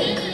Thank you.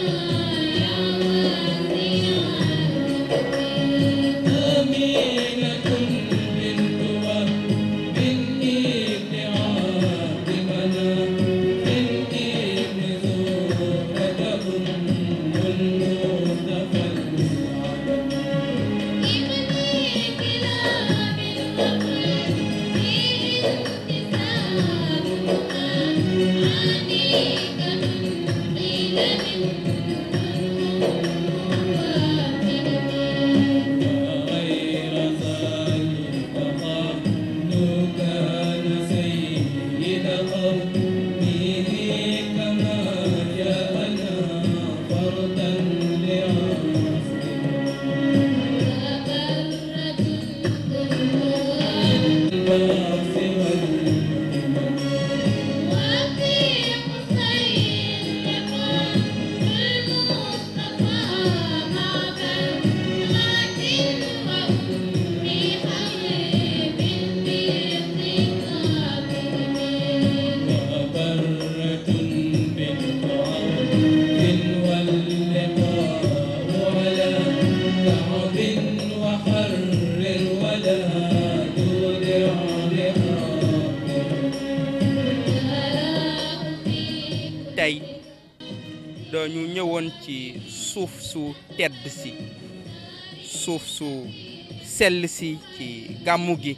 ñu ñëwoon ci suuf su tedd si suuf su sell si ci gàmmu gi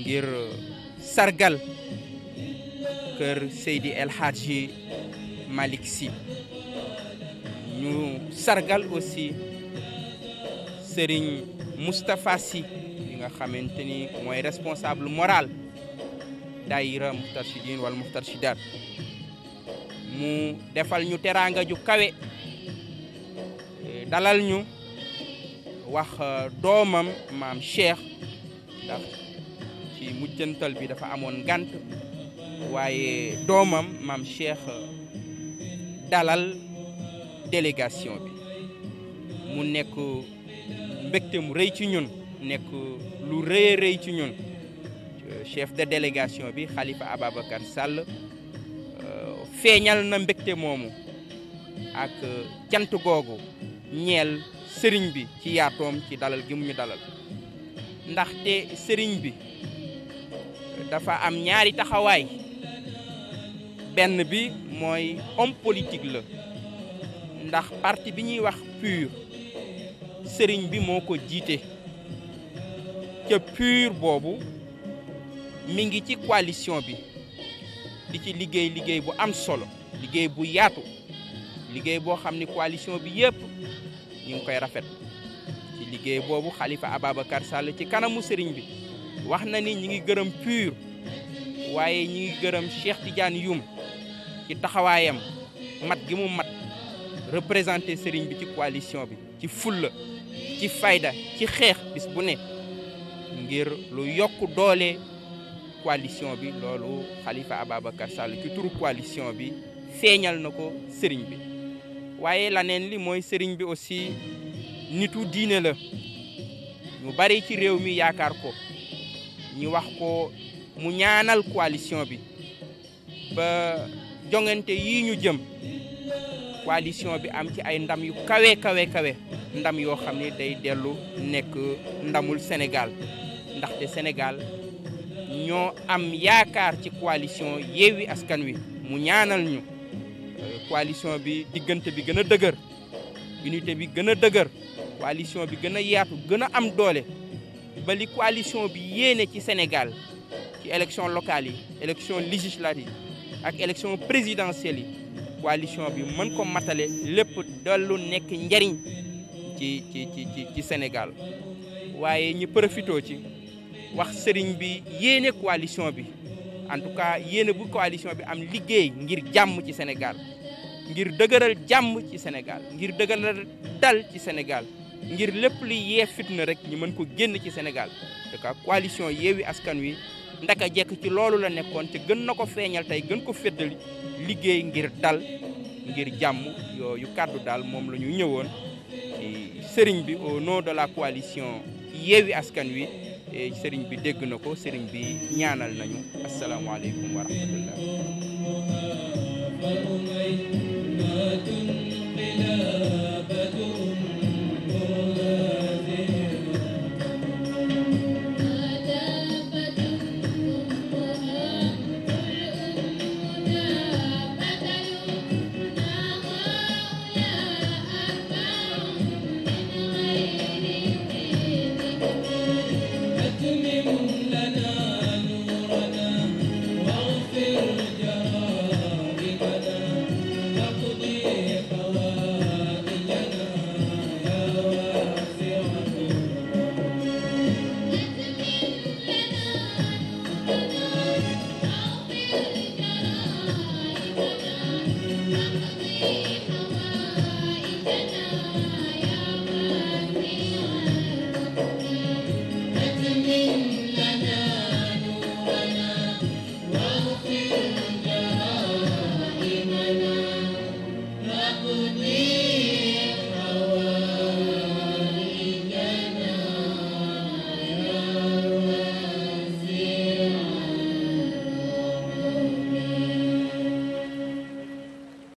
ngir euh, sargal car Seydi El Hadji Malick Nous ñu sargal aussi Serigne Mustapha si li nga xamante ni mooy responsable moral daayira Muxtarchidine wala Muxtarchidaat mu defal ñu teraanga ju kawe e, dalal ñu wax e, doomam maam Cheikh ndax ci mujjantal bi dafa amoon gànt waaye doomam maam Cheikh e, dalal délégation bi mu nekk mbégte mu rëy ci ñun nekk lu rëy rëy ci ñun chef de délégation bi Khalifa Ababacar Sall feeñal na mbégte moomu ak jant euh, googu ñeel sëriñ bi ci yaatoom ci dalal gi mu ñu dalal ndaxte sëriñ bi dafa am ñaari taxawaay benn bi mooy homme politique la ndax parti bi ñuy wax PUR sëriñ bi moo ko jiite ca PUR boobu mi ngi ci coalition bi di ci liggéey liggéey bu am solo liggéey bu yaatu liggéey boo xam ni coalition bi yëpp ñu ngi koy rafet ci liggéey boobu Khalifa Ababacar Sall ci kanamu sëriñ bi wax na ni ñi ngi gërëm PUR waaye ñi ngi gërëm Cheikh tijaan Youm ci taxawaayam mat gi mu mat représenté sëriñ bi ci coalition bi ci fulla ci fayda ci xeex bis bu ne ngir lu yokk doole coalition bi loolu Khalifa Ababacar Sall ci turu coalition bi feeñal na ko sëriñ bi waaye laneen li mooy sëriñ bi aussi nitu diine la ñu bari ci réew mi yaakaar ko ñu wax ko mu ñaanal coalition bi ba jongante yi ñu jëm coalition bi am ci ay ndam yu kawee kawe kawe ndam yoo xam ne day dellu nekk ndamul Sénégal ndaxte Sénégal ñoo am yaakaar ci coalition Yewwi Askan Wi mu ñaanal ñu coalition bi diggante bi gën a dëgër unité bi gën a dëgër coalition bi gën a yaatu gën a am doole ba li coalition bi yéene ci senegal ci élection locale yi élection législative ak élection présidentielle yi coalition bi mën ko matale lépp dollu nekk njariñ ci ci ci ci Sénégal waaye ñu profitoo ci wax y bi une coalition en tout cas il bu coalition bi am liggéey ngir ci Sénégal ngir ci Sénégal ngir dal ci Sénégal ngir rek mën ko génn ci Sénégal en cas coalition Askan Wi ndaka jekk ci loolu la nekkoon te gën na ko feeñal tey ko dal ngir yooyu kaddu au nom de la coalition yeewi askan wi e, sëriñ bi dégg na ko sëriñ bi ñaanal nañu asalaamaaleykum wa rahmatullah Thank you.